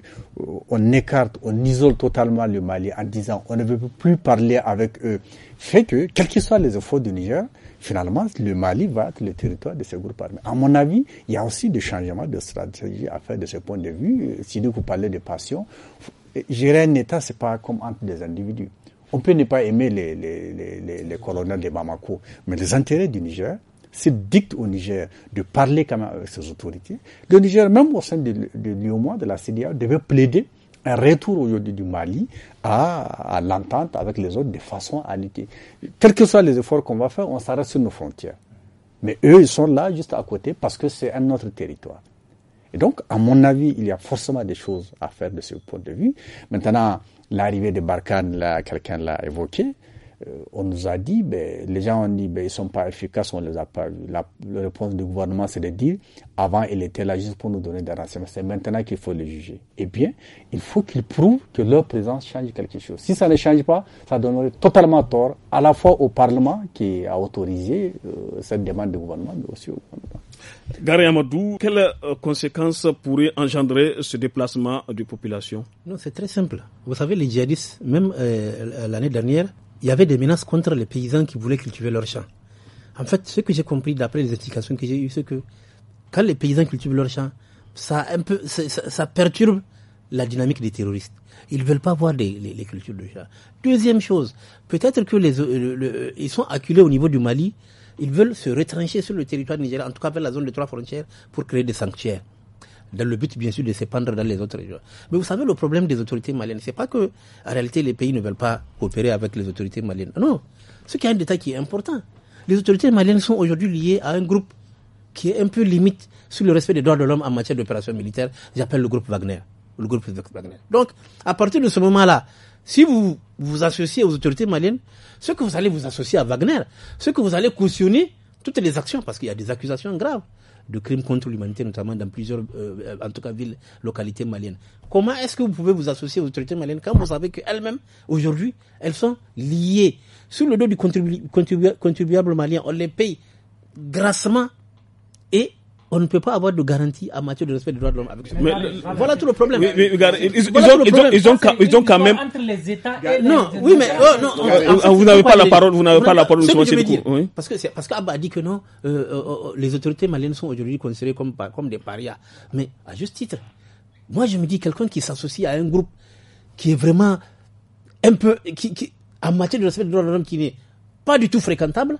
Speaker 2: on écarte, on isole totalement le Mali en disant on ne veut plus parler avec eux, fait que, quels que soient les efforts du Niger, finalement, le Mali va être le territoire de ces groupes armés. À mon avis, il y a aussi des changements de stratégie à faire de ce point de vue. Euh, si vous parlez de passion, gérer un État, c'est pas comme entre des individus. On peut ne pas aimer les, les, les, les, les colonels de Bamako, mais les intérêts du Niger, s'il dicte au Niger de parler quand même avec ses autorités, le Niger, même au sein du de de la CDA, devait plaider un retour aujourd'hui du Mali à, à l'entente avec les autres de façon à lutter. Quels que soient les efforts qu'on va faire, on s'arrête sur nos frontières. Mais eux, ils sont là juste à côté parce que c'est un autre territoire. Et donc, à mon avis, il y a forcément des choses à faire de ce point de vue. Maintenant, l'arrivée de Barkhane, là, quelqu'un l'a évoqué. Euh, on nous a dit, ben, les gens ont dit, ben, ils ne sont pas efficaces, on ne les a pas vus. La, réponse du gouvernement, c'est de dire, avant, il était là juste pour nous donner des renseignements. C'est maintenant qu'il faut les juger. Eh bien, il faut qu'ils prouvent que leur présence change quelque chose. Si ça ne change pas, ça donnerait totalement tort, à la fois au Parlement qui a autorisé euh, cette demande du gouvernement, mais aussi au gouvernement.
Speaker 1: Gary Amadou, quelles euh, conséquences pourrait engendrer ce déplacement de population
Speaker 3: Non, c'est très simple. Vous savez, les djihadistes, même l'année dernière, il y avait des menaces contre les paysans qui voulaient cultiver leurs champs. En fait, ce que j'ai compris d'après les explications que j'ai eues, c'est que quand les paysans cultivent leurs champs, ça, un peu, ça, perturbe la dynamique des terroristes. Ils veulent pas voir les, cultures de chats. Deuxième chose, peut-être que les, ils sont acculés au niveau du Mali. Ils veulent se retrancher sur le territoire nigérien, en tout cas vers la zone de trois frontières, pour créer des sanctuaires dans le but bien sûr de s'épandre dans les autres régions. Mais vous savez, le problème des autorités maliennes, c'est pas que en réalité les pays ne veulent pas coopérer avec les autorités maliennes. Non, ce qui est un détail qui est important. Les autorités maliennes sont aujourd'hui liées à un groupe qui est un peu limite sur le respect des droits de l'homme en matière d'opération militaire. J'appelle le groupe Wagner, le groupe Wagner. Donc, à partir de ce moment-là, si vous vous associez aux autorités maliennes, ce que vous allez vous associer à Wagner, ce que vous allez cautionner toutes les actions, parce qu'il y a des accusations graves de crimes contre l'humanité, notamment dans plusieurs, euh, en tout cas, villes, localités maliennes. Comment est-ce que vous pouvez vous associer aux autorités maliennes quand vous savez qu'elles-mêmes, aujourd'hui, elles sont liées sous le dos du contribuable malien On les paye grassement et on ne peut pas avoir de garantie en matière de respect des droits de l'homme avec Voilà tout le problème. Ils ont quand même. Entre les États et non, oui, mais. Oh, non, euh, vous n'avez pas, la parole, vous n'avez pas la parole, Parce que Parce qu'Abba dit que non, euh, euh, les autorités maliennes sont aujourd'hui considérées comme, comme des parias. Mais à juste titre, moi je me dis quelqu'un qui s'associe à un groupe qui est vraiment un peu. Qui, qui, en matière de respect des droits de l'homme qui n'est pas du tout fréquentable,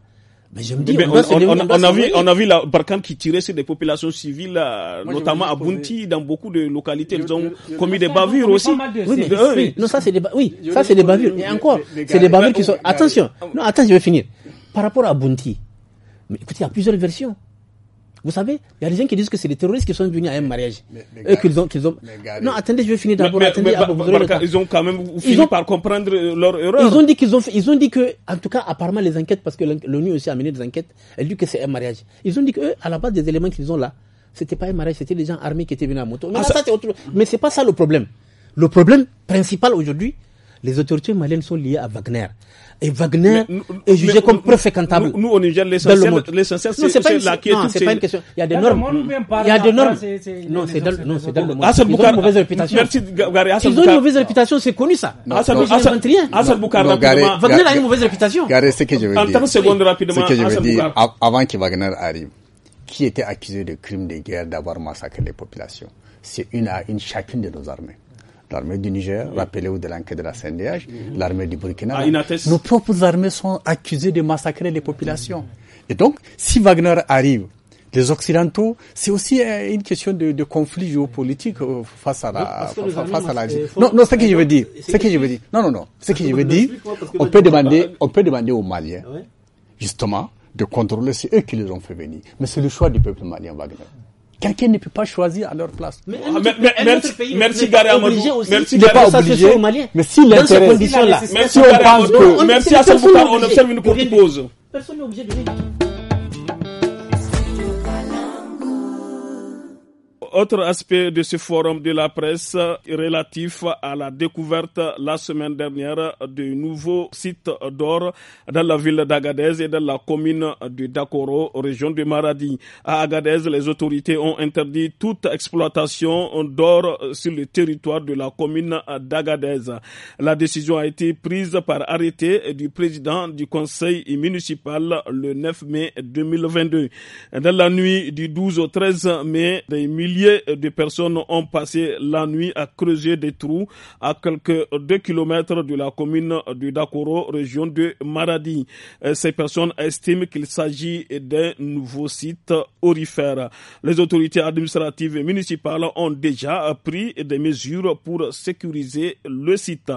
Speaker 3: mais je me dis, on, a vu, on a
Speaker 1: vu la Barkhane qui tirait sur des populations civiles, notamment à Bounti, dans beaucoup de localités. Ils ont commis des bavures aussi. Oui,
Speaker 3: non, ça c'est des, oui, ça c'est des bavures. Et encore, c'est des bavures qui sont, attention, non, attends, je vais finir. Par rapport à Bounti, mais écoutez, il y a plusieurs versions. Vous savez, il y a des gens qui disent que c'est les terroristes qui sont venus à un mariage. Non, attendez, je vais finir d'abord. Ah, ils ont
Speaker 1: quand même fini par comprendre leur erreur. Ils ont dit
Speaker 3: qu'ils ont, fait, ils ont dit que, en tout cas, apparemment les enquêtes, parce que l'ONU aussi a mené des enquêtes, elle dit que c'est un mariage. Ils ont dit que à la base des éléments qu'ils ont là, c'était pas un mariage, c'était des gens armés qui étaient venus à moto. Ah, mais ça... c'est autre... Mais c'est pas ça le problème. Le problème principal aujourd'hui, les autorités maliennes sont liées à Wagner et Wagner est jugé comme préfécantable. Nous, nous, au Niger, l'essentiel, l'essentiel c'est, c'est, la question. Non, c'est pas une question. Il y a des normes. Il y a des normes. Non, c'est dans, non, c'est le monde. Ils ont une mauvaise réputation. Merci, Gary. Ils ont une mauvaise réputation, c'est connu ça. Hassan Boukar, Wagner a une mauvaise réputation. Gary, ce que je veux dire. En 30 secondes, rapidement. Ce que je veux dire,
Speaker 2: avant que Wagner arrive, qui était accusé de crimes de guerre d'avoir massacré les populations? C'est une à une chacune de nos armées l'armée du Niger, rappelé rappelez-vous de l'enquête de la CNDH, l'armée du Burkina. Ah, Nos propres armées sont accusées de massacrer les populations. Et donc, si Wagner arrive, les Occidentaux, c'est aussi euh, une question de, conflit géopolitique euh, face à la, à Non, non, ce que je veux dire, ce que je veux dire, non, non, non, ce que je veux dire, on peut demander, on peut demander aux Maliens, justement, de contrôler, c'est eux qui les ont fait venir. Mais c'est le choix du peuple malien Wagner. Quelqu'un ne peut pas choisir à leur place. Mais, ah, merci, Gary Amadou. Merci Gary pas obligé.
Speaker 1: Mais si l'intérêt, si on pense merci à ce on observe une courte pause. Personne n'est obligé de autre aspect de ce forum de la presse relatif à la découverte la semaine dernière de nouveaux sites d'or dans la ville d'Agadez et dans la commune de Dakoro, région de Maradi. À Agadez, les autorités ont interdit toute exploitation d'or sur le territoire de la commune d'Agadez. La décision a été prise par arrêté du président du conseil municipal le 9 mai 2022. Dans la nuit du 12 au 13 mai, des milliers des de personnes ont passé la nuit à creuser des trous à quelques 2 km de la commune de Dakoro, région de Maradi. Euh, ces personnes estiment qu'il s'agit d'un nouveau site orifère. Les autorités administratives et municipales ont déjà pris des mesures pour sécuriser le site.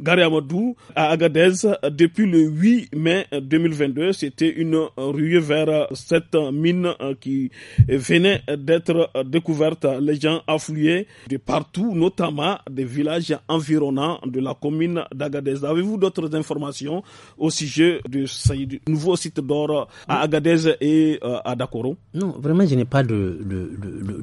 Speaker 1: Gariamadou, à Agadez, depuis le 8 mai 2022, c'était une ruée vers cette mine qui venait d'être découverte les gens affluaient de partout, notamment des villages environnants de la commune d'Agadez. Avez-vous d'autres informations au sujet du nouveau site d'or à Agadez et euh, à Dakoro
Speaker 3: Non, vraiment, je n'ai pas de,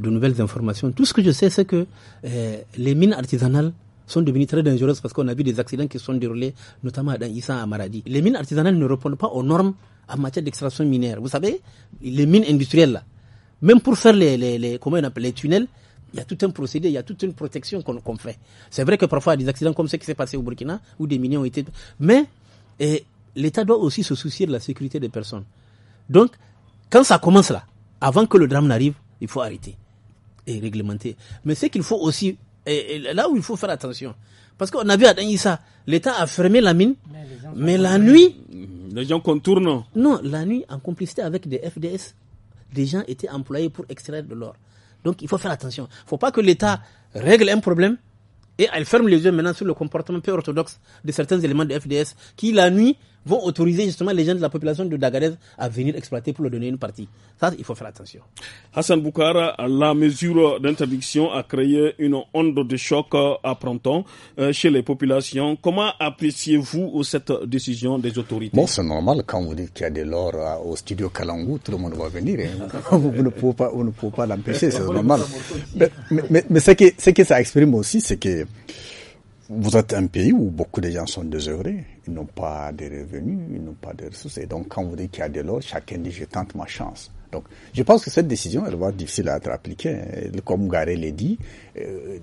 Speaker 3: nouvelles informations. Tout ce que je sais, c'est que euh, les mines artisanales sont devenues très dangereuses parce qu'on a vu des accidents qui sont déroulés, notamment dans Issa à Maradi. Les mines artisanales ne répondent pas aux normes en matière d'extraction minière. Vous savez, les mines industrielles, même pour faire les, les, les comment on appelle, les tunnels, il y a tout un procédé, il y a toute une protection qu'on fait. C'est vrai que parfois, il y a des accidents comme ceux qui s'est passé au Burkina, où des millions ont été... Mais l'État doit aussi se soucier de la sécurité des personnes. Donc, quand ça commence là, avant que le drame n'arrive, il faut arrêter et réglementer. Mais c'est qu'il faut aussi, et, là où il faut faire attention, parce qu'on a vu à Danissa, l'État a fermé la mine, mais, mais la nuit... Les gens contournent. Non, la nuit, en complicité avec des FDS, des gens étaient employés pour extraire de l'or. Donc il faut faire attention. Il ne faut pas que l'État règle un problème et elle ferme les yeux maintenant sur le comportement peu orthodoxe de certains éléments de FDS qui, la nuit, vont autoriser justement les gens de la population de Dagarez à venir exploiter pour leur donner une partie. Ça, il faut faire attention.
Speaker 1: Hassan Boukara, la mesure d'interdiction a créé une onde de choc à euh, printemps euh, chez les
Speaker 2: populations. Comment appréciez-vous euh, cette décision des autorités Bon, c'est normal quand vous dites qu'il y a de l'or au studio Kalangou, tout le monde va venir. Hein. *laughs* vous ne pouvez pas, on ne peut pas l'empêcher, c'est normal. Mais, ce, ce que ça exprime aussi, c'est que vous êtes un pays où beaucoup de gens sont désœuvrés. Ils n'ont pas de revenus, ils n'ont pas de ressources. Et donc, quand vous dites qu'il y a de l'eau, chacun dit je tente ma chance. Donc, je pense que cette décision, elle va être difficile à être appliquée. Comme Garé l'a dit, euh,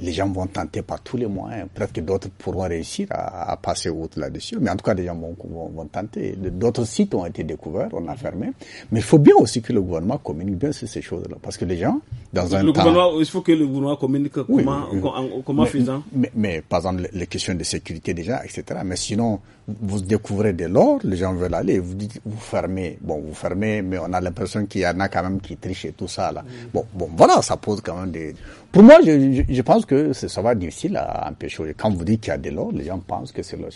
Speaker 2: les, gens vont tenter par tous les moyens. Peut-être que d'autres pourront réussir à, passer outre là-dessus, mais en tout cas, les gens vont, vont, vont tenter. D'autres sites ont été découverts, on a mhm. fermé. Mais il faut bien aussi que le gouvernement communique bien sur ces choses-là, parce que les gens, dans un le temps...
Speaker 1: Il faut que le gouvernement communique comment, comment faisant.
Speaker 2: mais, mais, par exemple, les questions de sécurité déjà, etc. Mais sinon, vous découvrez de l'or, les gens veulent aller, vous dites, vous fermez. Bon, vous fermez, mais on a l'impression qu'il y en a quand même qui trichent et tout ça, là. Mm. Bon, bon, voilà, ça pose quand même des, pour moi, je, pense que ça va difficile à empêcher. Quand vous dites qu'il y a de l'or, les gens pensent que c'est l'eau.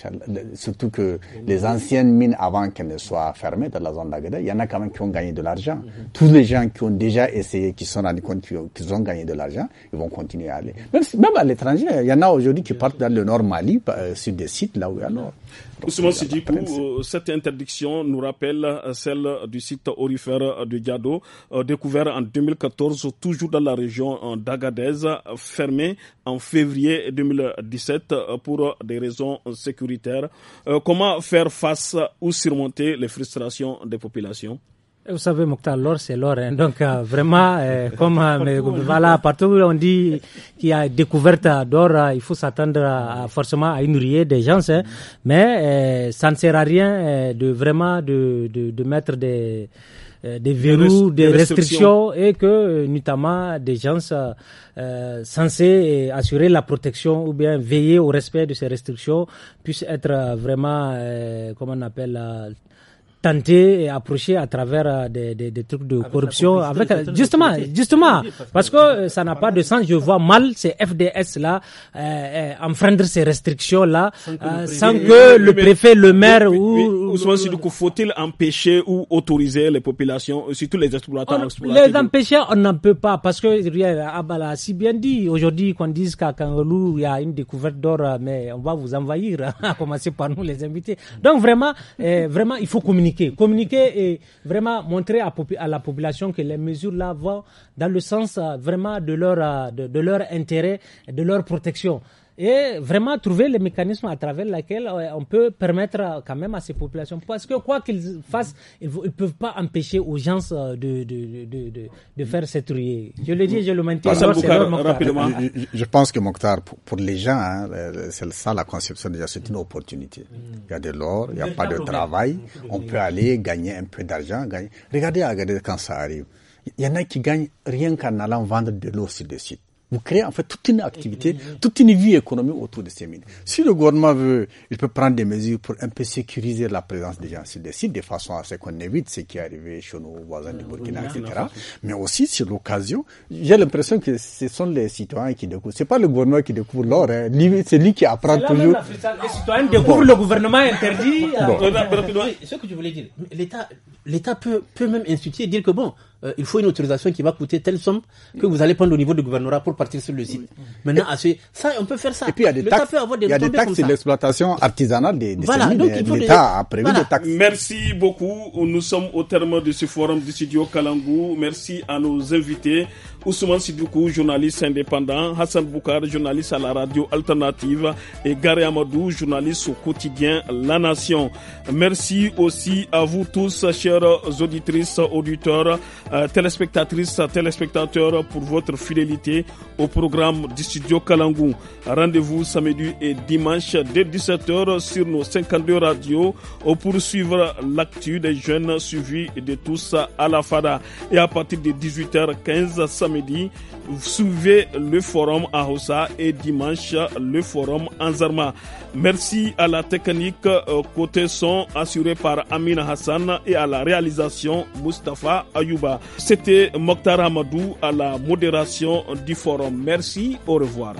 Speaker 2: Surtout que les anciennes mines, avant qu'elles ne soient fermées dans la zone d'Agade, il y en a quand même qui ont gagné de l'argent. Tous les gens qui ont déjà essayé, qui sont rendus compte qu'ils ont, gagné de l'argent, ils vont continuer à aller. Même, à l'étranger, il y en a aujourd'hui qui partent dans le nord Mali, euh, sur des sites là où il y a l'or. Ousmane euh,
Speaker 1: cette interdiction nous rappelle euh, celle du site orifère de Diado, découvert en 2014, toujours dans la région fermé fermée en février 2017 pour des raisons sécuritaires. Euh, comment faire face ou surmonter les frustrations des populations
Speaker 4: vous savez, Mokhtar, l'or, c'est l'or. Hein. Donc, euh, vraiment, euh, comme *laughs* voilà, partout où on dit qu'il y a découverte d'or, il faut s'attendre forcément à une riée des gens. Hein. Mais ça ne sert à rien de vraiment de mettre des euh, des verrous, des, restrictions. et que euh, notamment des gens euh, censés assurer la protection ou bien veiller au respect de ces restrictions puissent être vraiment, comment on appelle, tenter et approcher à travers euh, des, des, des trucs de corruption. Avec, euh, justement, justement, parce que euh, ça n'a pas de sens. Je vois mal ces FDS là euh, enfreindre ces restrictions là sans que le préfet, le maire ou faut-il
Speaker 1: empêcher ou autoriser les populations, surtout les exploitants Les
Speaker 4: empêcher, on n'en peut pas parce que Abala a ah, bah, si bien dit aujourd'hui qu'on dise qu'à Kangalou il y a une découverte d'or, mais on va vous envahir, *laughs* à commencer par nous les invités. Donc vraiment, vraiment, il faut communiquer communiquer. et vraiment montrer à, la population que les mesures-là vont dans le sens euh, vraiment de leur, euh, de, de leur intérêt, de leur protection et vraiment trouver les mécanismes à travers lesquels euh, on peut permettre euh, quand même à ces populations, parce que quoi qu'ils fassent, ils ne peuvent pas empêcher aux gens euh, de, de, de, de, faire cette Je le dis, je le maintiens. rapidement.
Speaker 2: Je, pense que Mokhtar, pour, les gens, hein, c'est ça la conception déjà, c'est une opportunité. Il y a de l'or, il n'y a pas de travail, on peut aller gagner un peu d'argent. Gagner. Regardez, regardez quand ça arrive. Il y en a qui gagnent rien qu'en allant vendre de l'eau sur des sites. Vous créez en fait toute une activité, toute une vie économique autour de ces mines. Si le gouvernement veut, il peut prendre des mesures pour un peu sécuriser la présence des gens sur des sites de façon à ce qu'on évite ce qui est arrivé chez nos voisins du ah, Burkina, etc. Mais aussi sur l'occasion, j'ai l'impression que ce sont les citoyens qui découvrent. C'est pas le gouvernement qui découvre l'or, hein. c'est lui qui apprend
Speaker 3: toujours. les citoyens découvrent le gouvernement interdit. Ce que je voulais dire, l'État peut, peut même instituer, dire que bon, euh, il faut une autorisation qui va coûter telle somme que vous allez prendre au niveau du gouvernorat pour partir sur le site. Maintenant, à ça, on peut faire ça. Et puis, il y a des taxes. il y a des taxes sur l'exploitation artisanale des, des voilà, L'État a prévu des taxes. Merci beaucoup.
Speaker 1: Nous sommes au terme de ce forum du studio Kalangou. Merci à nos invités. Ousmane Sidoukou, journaliste indépendant, Hassan Boukar, journaliste à la radio alternative et Gary Amadou, journaliste au quotidien La Nation. Merci aussi à vous tous, chers auditrices, auditeurs, euh, téléspectatrices, téléspectateurs, pour votre fidélité au programme du studio Kalangou. Rendez-vous samedi et dimanche dès 17h sur nos 52 radios pour suivre l'actu des jeunes suivis de tous à la FADA. Et à partir de 18h15 samedi, samedi, le forum à Hossa et dimanche le forum en Zarma. Merci à la technique euh, côté son assurée par Amina Hassan et à la réalisation Mustafa Ayouba. C'était Mokhtar Hamadou à la modération du forum. Merci, au revoir.